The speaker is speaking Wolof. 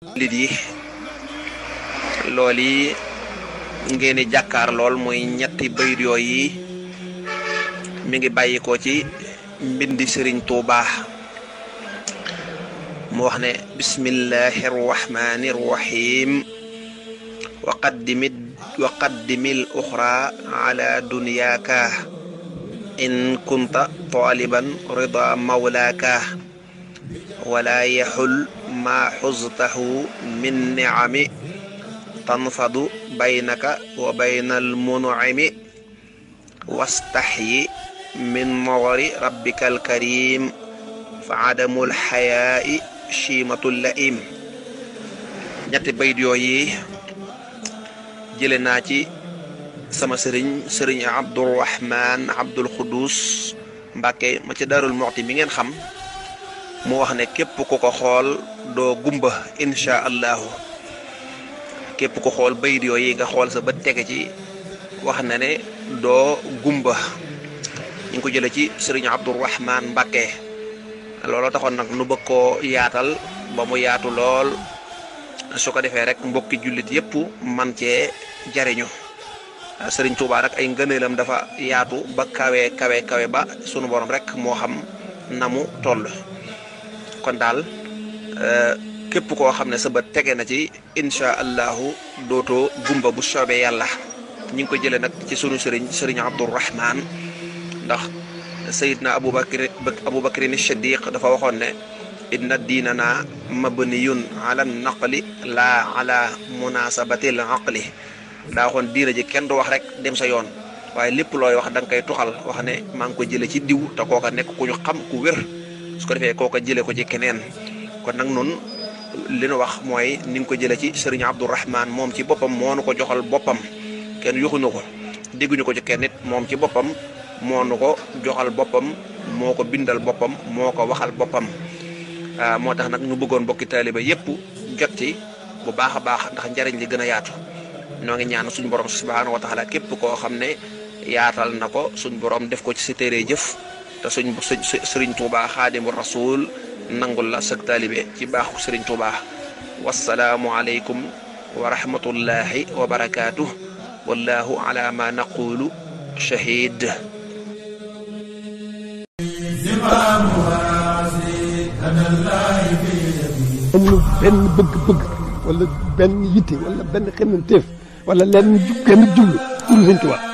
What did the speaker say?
jullit yi lool yi ngeen jàkkaar lool mooy ñetti bayit yooyu yi mu ngi bàyyikoo ci mbind sëriñ tuuba mu wax ne bismillahi rrahmani rrahim wa qaddimi wa qaddimi l oxra ala dunyaaka in kunta taliban rida ولا يحل ما حزته من نعم تنفض بينك وبين المنعم واستحي من نظر ربك الكريم فعدم الحياء شيمة اللئيم نيت بيد يوي جيلنا سما سيرين سيرين عبد الرحمن عبد القدوس مباكي ما دار المعطي مي خم mu wax ne képp ku ko xool doo gumba insha allahu képp ku xool bayit yooyu nga xool sa ba tege ci wax na ne doo gumba ñu ko jële ci Serigne abdourahman mbakke looloo taxoon nag nu bëgg koo yaatal ba mu yaatu lool su ko defee rek mbokki jullit yépp man cee jariñu Serigne Touba rek ay ngeeneelam dafa yaatu ba kawe kawe kawe ba sunu borom rek moo xam namu toll kon daal euh, képp koo xam ne sa bët tege na ci incha allahu dootoo gumba bu soobee yàlla ñu ngi ko jëlee nag ci sunu sëriñ sëriñ Abdourahman ndax sayidna Aboubacar Aboubacrin Chadiq dafa waxoon ne inna diinana mabniyun ala naqli laa ala munasabatil aqli daa waxoon diina ji kenn du wax rek dem sa yoon waaye lépp looy wax da nga toxal tuxal wax ne maa ngi ko jëlee ci diw te kooka nekk ku ñu xam ku wér su ko defee ko jëlee ko ci keneen kon nag noonu li nu wax mooy ni nga ko jëlee ci sëriñ Abdourahman moom ci boppam moo nu ko joxal boppam kenn yoxuñu ko dégguñu ko ci kenn moom ci boppam moo nu ko joxal boppam moo ko bindal boppam moo ko waxal boppam ah, moo tax nag ñu bëggoon bokki taaliba yépp jot ci bu baax a baax ndax njariñ li gën a yaatu noo ngi ñaan suñu borom subhaanahu wa taala képp koo xam ne yaatal na ko suñu borom def ko ci sa téere jëf. te suñ sëriñ Tuubaa xaadimu rasuul nangul la sag taalibe ci baaxu sëriñ Tuubaa wassalaamu aleykum wa rahmatullahi wa barakaatuh wallahu ala ma naqulu shahid amul benn bëgg-bëgg wala benn yitte wala benn xemmanteef wala lenn benn jullu pour sëriñ Tuubaa